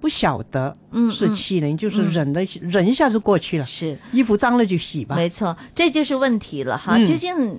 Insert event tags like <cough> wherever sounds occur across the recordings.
不曉得嗯，嗯，是欺凌，就是忍得忍一下就過去了，是、嗯、衣服髒了就洗吧，沒錯，這就是問題了哈，嗯、究竟？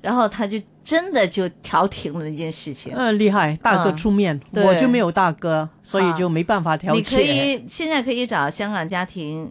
然後他就真的就調停了那件事情。嗯、呃，厲害，大哥出面，嗯、我就沒有大哥，對所以就沒辦法調解。你可以，現在可以找香港家庭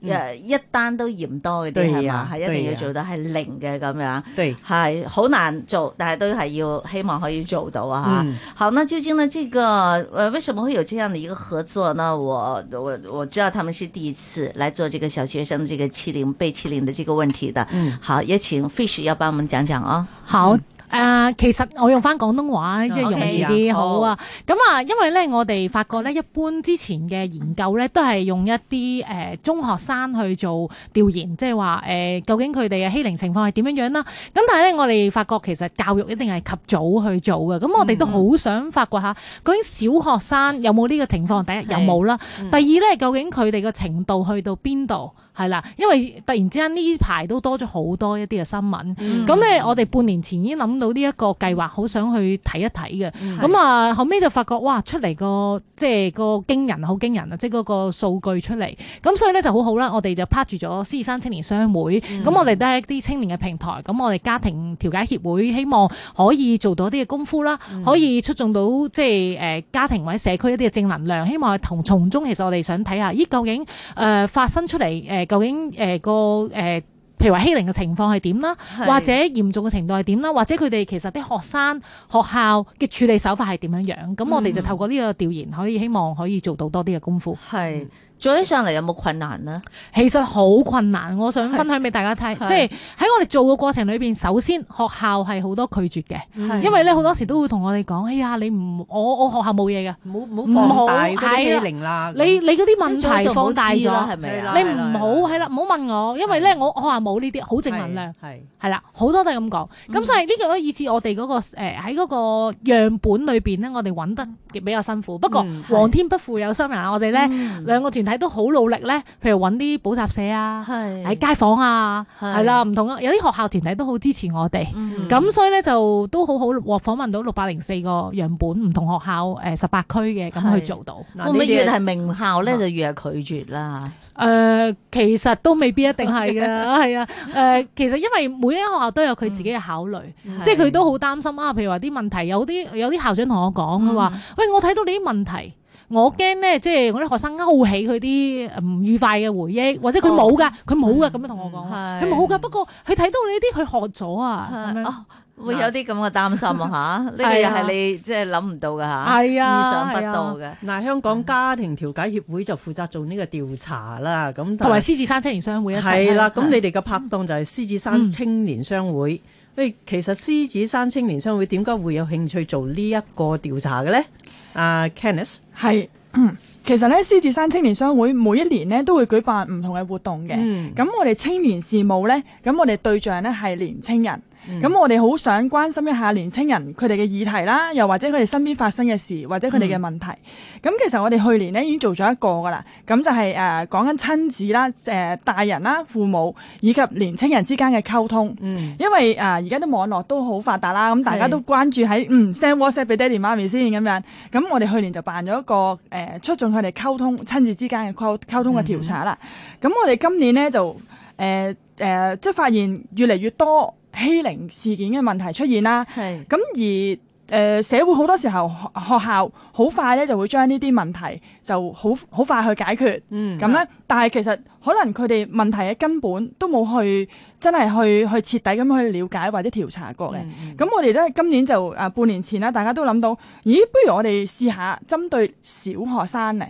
誒，嗯、一單都嫌多嗰啲係嘛，係、啊啊、一定要做到係零嘅咁樣，係好對難做，但係都係要希望可以做到啊！嗯、好，那究竟呢？這個誒、呃，為什麼會有這樣的一個合作呢？我我我知道他們是第一次來做這個小學生這個欺凌、被欺凌的這個問題的。嗯、好，有請 Fish 要幫我們講講啊、哦！好、嗯。誒、呃，其實我用翻廣東話即係容易啲，okay, 好啊。咁啊、嗯，因為咧，我哋發覺咧，一般之前嘅研究咧，都係用一啲誒中學生去做調研，即係話誒，究竟佢哋嘅欺凌情況係點樣樣啦。咁但係咧，我哋發覺其實教育一定係及早去做嘅。咁、嗯、我哋都好想發掘下，究竟小學生有冇呢個情況？第一，有冇啦；第、嗯、第二咧，究竟佢哋嘅程度去到邊度？係啦，因為突然之間呢排都多咗好多一啲嘅新聞。咁咧、嗯，嗯、我哋半年前已經諗。到呢一個計劃，好想去睇一睇嘅。咁啊、嗯，後尾就發覺哇，出嚟，個即係個驚人，好驚人啊！即係嗰個數據出嚟。咁所以咧就好好啦，我哋就拍住咗獅山青年商會。咁、嗯、我哋都係一啲青年嘅平台。咁我哋家庭調解協會，希望可以做到一啲嘅功夫啦，可以出眾到即係誒、呃、家庭或者社區一啲嘅正能量。希望係同從中，其實我哋想睇下，咦，究竟誒、呃、發生出嚟誒、呃，究竟誒、呃、個誒。呃譬如話欺凌嘅情況係點啦，或者嚴重嘅程度係點啦，或者佢哋其實啲學生、學校嘅處理手法係點樣樣？咁、嗯、我哋就透過呢個調研，可以希望可以做到多啲嘅功夫。係。做起上嚟有冇困難咧？其實好困難，我想分享俾大家睇，即係喺我哋做嘅過程裏邊，首先學校係好多拒絕嘅，因為咧好多時都會同我哋講：哎呀，你唔我我學校冇嘢嘅，唔好唔好放大嗰啲零啦。你你嗰啲問題放大咗係咪？你唔好係啦，唔好問我，因為咧我我學校冇呢啲好正能量係係啦，好多都係咁講。咁所以呢個好似我哋嗰個誒喺嗰個樣本裏邊咧，我哋揾得比較辛苦。不過皇天不負有心人，我哋咧兩個團體。睇都好努力咧，譬如揾啲補習社啊，喺街坊啊，係啦，唔同咯。有啲學校團體都好支持我哋，咁所以咧就都好好訪問到六百零四個樣本，唔同學校誒十八區嘅咁去做到。咪越係名校咧，就越係拒絕啦。誒，其實都未必一定係嘅，係啊。誒，其實因為每一間學校都有佢自己嘅考慮，即係佢都好擔心啊。譬如話啲問題，有啲有啲校長同我講，佢話：「喂，我睇到你啲問題。我驚咧，即係我啲學生勾起佢啲唔愉快嘅回憶，或者佢冇㗎，佢冇㗎咁樣同我講，佢冇㗎。不過佢睇到你啲，佢學咗啊。哦，會有啲咁嘅擔心啊嚇，呢個又係你即係諗唔到嘅嚇，意想不到嘅。嗱，香港家庭調解協會就負責做呢個調查啦。咁同埋獅子山青年商會一齊。係啦，咁你哋嘅拍檔就係獅子山青年商會。誒，其實獅子山青年商會點解會有興趣做呢一個調查嘅咧？啊 Kenneth 係、uh，嗯， <coughs> 其實咧獅子山青年商會每一年咧都會舉辦唔同嘅活動嘅，嗯，咁我哋青年事務咧，咁我哋對象咧係年青人。咁、嗯、我哋好想關心一下年青人佢哋嘅議題啦，又或者佢哋身邊發生嘅事，或者佢哋嘅問題。咁、嗯、其實我哋去年呢已經做咗一個噶啦，咁就係、是、誒、呃、講緊親子啦、誒、呃、大人啦、父母以及年青人之間嘅溝通。嗯，因為誒而家啲網絡都好發達啦，咁大家都關注喺的嗯 send WhatsApp 俾爹哋媽咪先咁樣。咁我哋去年就辦咗一個誒促進佢哋溝通親子之間嘅溝溝通嘅調查啦。咁、嗯嗯、我哋今年呢就誒誒即係發現越嚟越、越多。欺凌事件嘅問題出現啦，咁是而誒、呃、社會好多時候學校好快咧就會將呢啲問題就好好快去解決，咁咧、嗯哼，但係其實可能佢哋問題嘅根本都冇去真係去去徹底咁去了解或者調查過嘅。咁、嗯、哼我哋咧今年就誒、呃、半年前啦，大家都諗到，咦，不如我哋試下針對小學生嚟，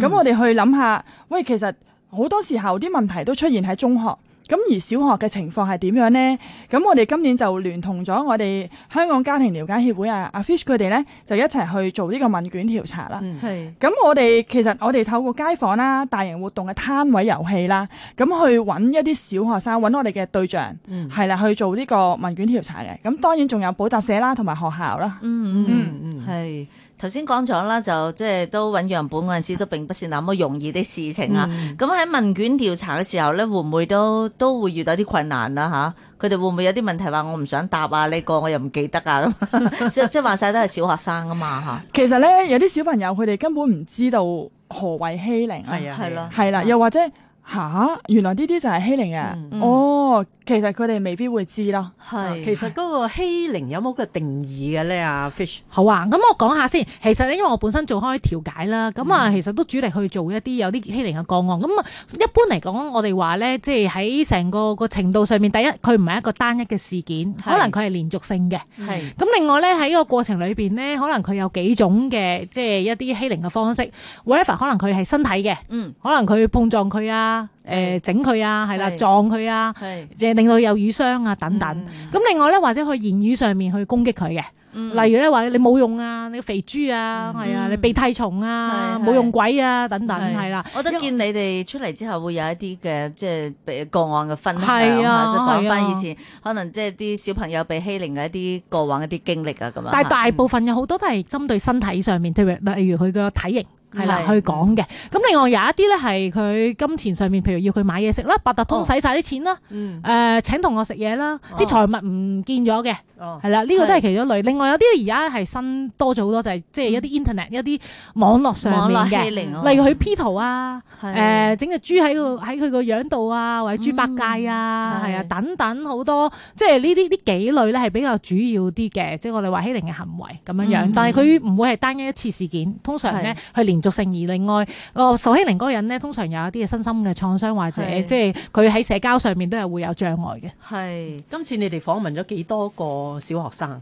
咁我哋去諗下，喂，其實好多時候啲問題都出現喺中學。咁而小學嘅情況係點樣呢？咁我哋今年就聯同咗我哋香港家庭調解協會啊，阿、啊、Fish 佢哋咧就一齊去做呢個問卷調查啦。係、嗯。咁我哋其實我哋透過街坊啦、大型活動嘅攤位遊戲啦，咁去揾一啲小學生揾我哋嘅對象，係啦、嗯，去做呢個問卷調查嘅。咁當然仲有補習社啦，同埋學校啦。嗯嗯嗯，係。頭先講咗啦，就即係都揾樣本嗰陣時都並不是那麼容易的事情啊！咁喺、嗯、問卷調查嘅時候咧，會唔會都都會遇到啲困難啦？吓、啊，佢哋會唔會有啲問題話我唔想答啊？呢、呢個我又唔記得啊咁、啊， <laughs> 即即係話晒都係小學生嘛啊嘛吓。其實咧，有啲小朋友佢哋根本唔知道何為欺凌啊，係咯，係啦，又或者。吓，原來呢啲就係欺凌啊，嗯、哦，其實佢哋未必會知囉。係是，其實嗰個欺凌有冇個定義嘅咧？阿 Fish，好啊，咁我講下先。其實咧，因為我本身做開調解啦，咁啊，其實都主力去做一啲有啲欺凌嘅個案。咁啊，一般嚟講，我哋話咧，即係喺成個個程度上面，第一佢唔係一個單一嘅事件，可能佢係連續性嘅。係，咁另外咧喺個過程裏邊呢，可能佢有幾種嘅，即係一啲欺凌嘅方式。whatever，可能佢係身體嘅，嗯，可能佢碰撞佢啊。誒，整佢啊，係啦，撞佢啊，誒，令到有瘀傷啊，等等。咁另外咧，或者去言語上面去攻擊佢嘅，例如咧話你冇用啊，你肥豬啊，係啊，你鼻涕蟲啊，冇用鬼啊，等等，係啦。我都見你哋出嚟之後會有一啲嘅，即係個案嘅分享啊，即係講翻以前可能即係啲小朋友被欺凌嘅一啲過往一啲經歷啊咁樣。但係大部分有好多都係針對身體上面，特別例如佢個體型。係啦，去講嘅。咁另外有一啲咧，係佢金錢上面，譬如要佢買嘢食啦，八達通使晒啲錢啦，誒、哦嗯呃、請同學食嘢啦，啲、哦、財物唔見咗嘅。哦，係啦，呢個都係其中一類。另外有啲而家係新多咗好多，就係即係一啲 internet 一啲網絡上面嘅，嗯、例如佢 P 圖啊，誒整隻豬喺個喺佢個樣度啊，或者豬八戒啊，係啊、嗯、等等好多，即係呢啲呢幾類咧係比較主要啲嘅，即係我哋話欺凌嘅行為咁樣樣。但係佢唔會係單一一次事件，通常咧係是連續性。而另外，哦受欺凌嗰個人咧，通常有一啲嘅身心嘅創傷，或者是即係佢喺社交上面都係會有障礙嘅。係是，今次你哋訪問咗幾多個？小學生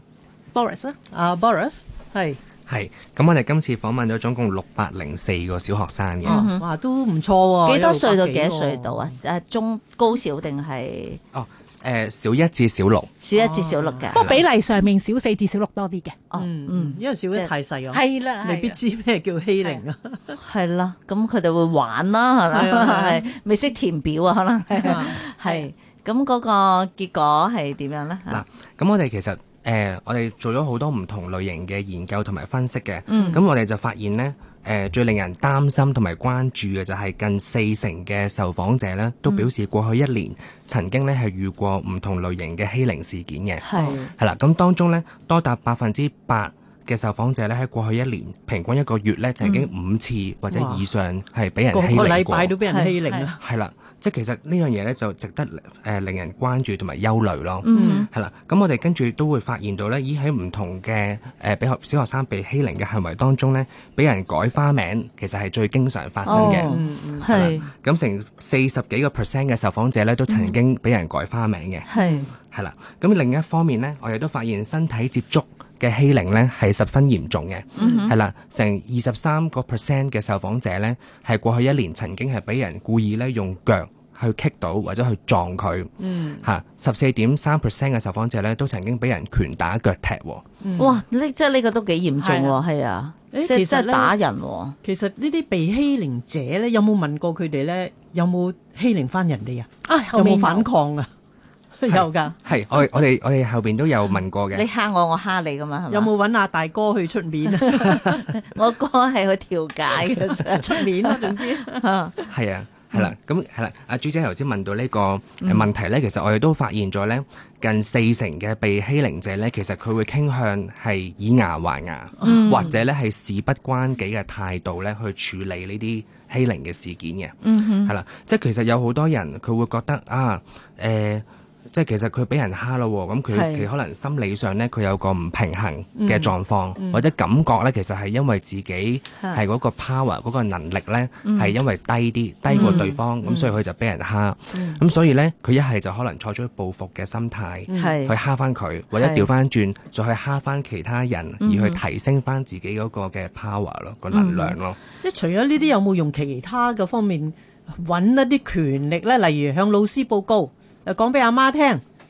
，Boris 啦、啊，阿、uh, Boris 係係咁，我哋今次訪問咗總共六百零四個小學生嘅、嗯，哇都唔錯喎、啊，幾多歲到幾多歲到啊？誒中高小定係哦誒、呃、小一至小六，小一至小六嘅，不過比例上面小四至小六多啲嘅，哦，嗯，嗯因為小一太細啊，係啦，未必知咩叫欺凌啊，係啦，咁佢哋會玩啦，係啦，係未識填表啊，可能係。的咁嗰個結果係點樣呢？嗱，咁我哋其實誒、呃，我哋做咗好多唔同類型嘅研究同埋分析嘅。嗯。咁我哋就發現呢，誒、呃、最令人擔心同埋關注嘅就係近四成嘅受訪者呢，都表示過去一年曾經呢係遇過唔同類型嘅欺凌事件嘅。係。係啦，咁當中呢，多達百分之八嘅受訪者呢，喺過去一年平均一個月呢，曾經五次或者以上係俾人欺凌過。個禮拜都俾人欺凌啊！係啦。即係其實樣呢樣嘢咧，就值得誒、呃、令人關注同埋憂慮咯。係啦、mm，咁、hmm. 我哋跟住都會發現到咧，咦喺唔同嘅誒比較小學生被欺凌嘅行為當中咧，俾人改花名其實係最經常發生嘅。係咁、oh, 的，成四十幾個 percent 嘅受訪者咧都曾經俾人改花名嘅。係係啦，咁、hmm. 的另一方面咧，我哋都發現身體接觸。嘅欺凌咧係十分嚴重嘅，係啦，成二十三個 percent 嘅受訪者咧，係過去一年曾經係俾人故意咧用腳去棘到或者去撞佢，嚇十四點三 percent 嘅受訪者咧都曾經俾人拳打腳踢喎。哇！呢即係呢個都幾嚴重喎，係啊，即係真係打人喎。其實呢啲被欺凌者咧，有冇問過佢哋咧？有冇欺凌翻人哋啊？有冇反抗啊？有噶係，我我哋我哋後邊都有問過嘅。你蝦我，我蝦你噶嘛？有冇揾阿大哥去出面啊？ <laughs> <laughs> 我哥係去調解嘅 <laughs> 出面咯、啊。總之，係 <laughs> 啊，係啦、啊，咁係啦。阿主席頭先問到呢個問題咧，其實我哋都發現咗咧，近四成嘅被欺凌者咧，其實佢會傾向係以牙還牙，或者咧係事不關己嘅態度咧去處理呢啲欺凌嘅事件嘅。嗯哼，係啦，即係其實有好多人佢會覺得啊，誒、呃。即係其實佢俾人蝦咯，咁佢佢可能心理上咧，佢有個唔平衡嘅狀況，或者感覺咧，其實係因為自己係嗰個 power 嗰個能力咧，係因為低啲，低過對方，咁所以佢就俾人蝦。咁所以咧，佢一係就可能採取報復嘅心態，去蝦翻佢，或者掉翻轉，再去蝦翻其他人，而去提升翻自己嗰個嘅 power 咯，個能量咯。即係除咗呢啲，有冇用其他嘅方面揾一啲權力咧？例如向老師報告。又講俾阿媽聽，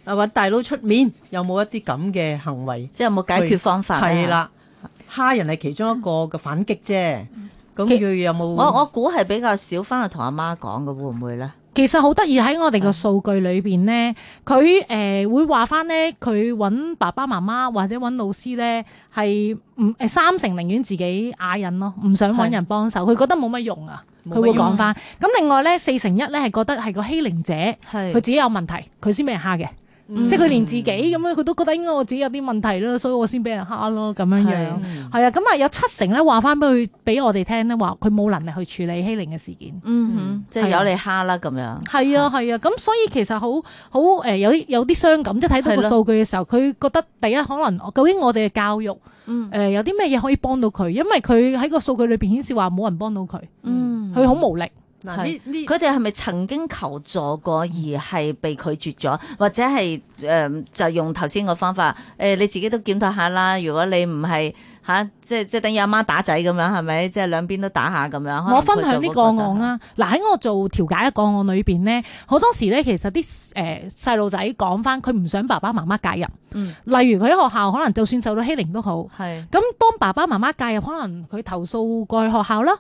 啊搵大佬出面，有冇一啲咁嘅行為？即係有冇解決方法咧？係啦，蝦人係其中一個嘅反擊啫。咁佢有冇？我我估係比較少翻去同阿媽講嘅，會唔會咧？其實好得意喺我哋個數據裏邊咧，佢誒會話翻咧，佢搵爸爸媽媽或者搵老師咧，係唔誒三成寧願自己啞忍咯，唔想搵人幫手，佢覺得冇乜用啊。佢會講翻咁。另外咧，四成一咧係覺得係個欺凌者，佢自己有問題，佢先俾人蝦嘅，即係佢連自己咁樣，佢都覺得應該我自己有啲問題咯，所以我先俾人蝦咯，咁樣樣，係啊。咁啊，有七成咧話翻俾佢俾我哋聽咧，話佢冇能力去處理欺凌嘅事件，即係由你蝦啦咁樣。係啊，係啊。咁所以其實好好誒，有啲有啲傷感，即睇到個數據嘅時候，佢覺得第一可能究竟我哋嘅教育誒有啲咩嘢可以幫到佢，因為佢喺個數據裏邊顯示話冇人幫到佢。佢好無力嗱，呢佢哋係咪曾經求助過而係被拒絕咗，或者係誒、呃、就用頭先個方法誒、呃？你自己都檢討下啦。如果你唔係嚇，即係即係等於阿媽，媽打仔咁樣，係咪？即係兩邊都打下咁樣。我分享啲個案啦。嗱喺、啊、我做調解嘅個案裏邊呢，好多時咧其實啲誒細路仔講翻，佢、呃、唔想爸爸媽媽介入。嗯、例如佢喺學校可能就算受到欺凌都好。係是。咁當爸爸媽媽介入，可能佢投訴過去學校啦。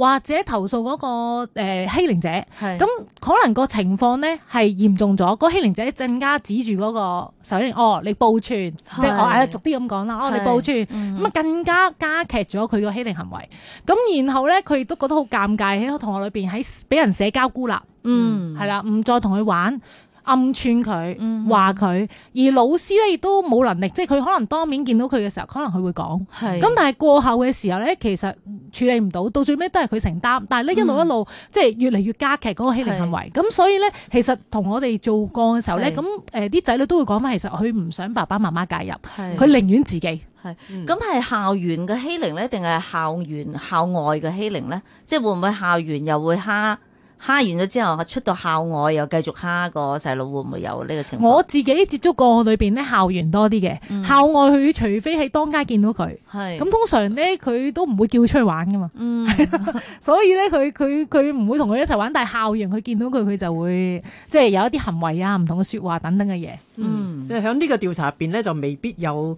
或者投訴嗰個欺凌者，咁是可能個情況咧係嚴重咗，是個欺凌者更加指住嗰個受欺凌，哦，你報串，即係我係逐啲咁講啦，哦，你報串，咁是啊、哦嗯、更加加劇咗佢個欺凌行為，咁然後咧佢亦都覺得好尷尬喺同學裏邊喺俾人社交孤立，嗯，係啦，唔再同佢玩。暗寸佢，話佢，而老師咧亦都冇能力，即係佢可能當面見到佢嘅時候，可能佢會講，咁是但係過後嘅時候咧，其實處理唔到，到最尾都係佢承擔。但係呢一路一路，嗯、即係越嚟越加劇嗰個欺凌行為。咁是所以咧，其實同我哋做過嘅時候咧，咁誒啲仔女都會講翻，其實佢唔想爸爸媽媽介入，佢寧願自己。係，咁、嗯、係校園嘅欺凌咧，定係校園校外嘅欺凌咧？即係會唔會校園又會蝦？蝦完咗之後，出到校外又繼續蝦個細路，會唔會有呢個情況？我自己接觸過裏邊咧，校園多啲嘅，嗯、校外佢除非喺當街見到佢，係咁是通常呢，佢都唔會叫出去玩噶嘛。嗯、 <laughs> 所以咧，佢佢佢唔會同佢一齊玩，但係校園佢見到佢，佢就會即係有一啲行為啊、唔同嘅說話等等嘅嘢。嗯，喺呢、嗯、個調查入邊呢，就未必有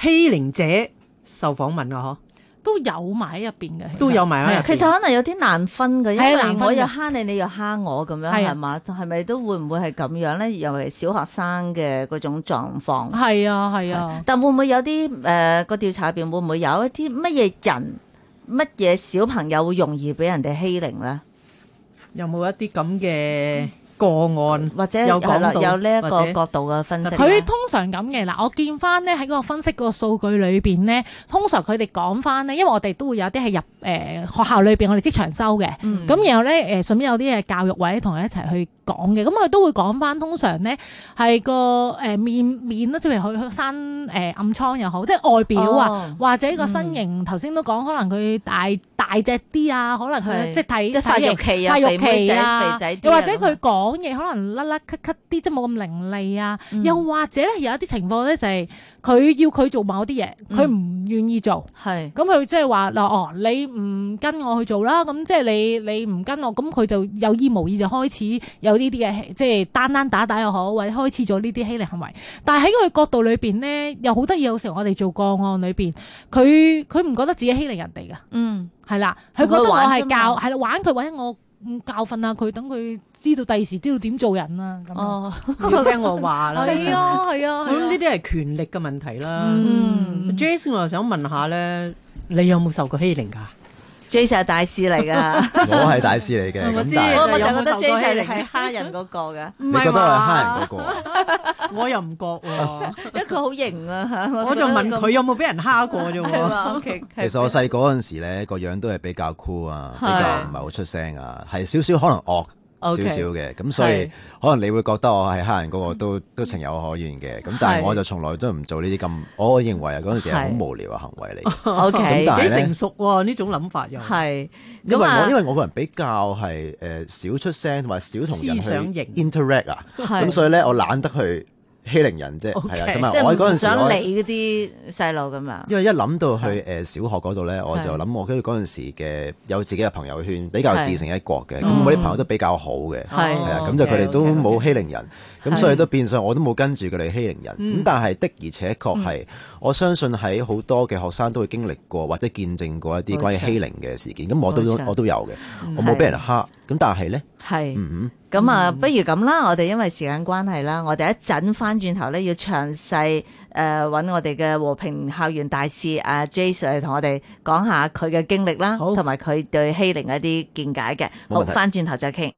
欺凌者受訪問噶嗬。都有埋喺入邊嘅，都有埋喺入邊。其實可能有啲難分嘅，啊、因為我又蝦你，啊、你又蝦我咁樣係嘛？係咪、啊、都會唔會係咁樣咧？尤其小學生嘅嗰種狀況。係啊，係啊。但會唔會有啲誒，個調查入邊會唔會有一啲乜嘢人，乜嘢小朋友會容易俾人哋欺凌咧？有冇一啲咁嘅？個案或者有講到有呢一個角度嘅分析，佢者者通常咁嘅嗱，我見翻咧喺個分析個數據裏邊咧，通常佢哋講翻咧，因為我哋都會有啲係入誒、呃、學校裏邊，我哋職場收嘅，咁、嗯、然後咧誒順便有啲嘢教育委同佢一齊去講嘅，咁佢都會講翻。通常咧係個誒面面啦，即係譬如佢佢生誒暗瘡又好，即係外表啊，哦、或者個身形。頭先、嗯、都講，可能佢大大隻啲啊，可能佢是即係睇。體育期啊，育肥肥又、啊、或者佢講。講嘢可能甩甩咳咳啲，即係冇咁伶俐啊。嗯、又或者咧，有一啲情況咧，就係佢要佢做某啲嘢，佢唔願意做，係咁佢即係話嗱哦，你唔跟我去做啦。咁即係你你唔跟我，咁佢就有意無意就開始有呢啲嘅，即係單單打打又好，或者開始咗呢啲欺凌行為。但係喺佢角度裏邊咧，又好得意。有時我哋做個案裏邊，佢佢唔覺得自己欺凌人哋噶，嗯係啦，佢覺得我係教係啦玩佢，或者我教訓下佢，等佢。知道第時知道點做人啊！哦，今日聽我話啦。係啊，係啊，咁呢啲係權力嘅問題啦。嗯 Jason 我又想問下咧，你有冇受過欺凌㗎？Jason 係大師嚟㗎。我係大師嚟嘅。我就覺得 Jason 係蝦人嗰個嘅。你覺得我係蝦人嗰個？我又唔覺喎，因為佢好型啊。我就問佢有冇俾人蝦過啫喎。其實我細個嗰陣時咧，個樣都係比較酷啊，比較唔係好出聲啊，係少少可能惡。少少嘅，咁 Okay, 所以可能你會覺得我係黑人嗰個都都情有可原嘅，咁是但係我就從來都唔做呢啲咁，我認為啊嗰陣時係好無聊嘅行為嚟。O K，幾成熟喎呢種諗法又係。啊、因為我因為我個人比較係誒、呃、少出聲同埋少同人去 interact 啊，咁所以咧我懶得去欺凌人啫，係咁啊！我喺嗰陣時，想理嗰啲細路咁啊。因為一諗到去誒小學嗰度咧，我就諗我跟住嗰陣時嘅有自己嘅朋友圈，比較自成一國嘅。咁我啲朋友都比較好嘅，係啊，咁就佢哋都冇欺凌人。咁所以都變相我都冇跟住佢哋欺凌人。咁但係的而且確係，我相信喺好多嘅學生都會經歷過或者見證過一啲關於欺凌嘅事件。咁我都我都有嘅，我冇俾人蝦。咁但係咧，嗯嗯。咁、嗯嗯、啊，不如咁啦，我哋因為時間關係啦，我哋一陣翻轉頭咧，要詳細誒揾我哋嘅和平校園大使阿 J Sir 嚟同我哋講下佢嘅經歷啦，同埋佢對欺凌一啲見解嘅，好，翻轉頭再傾。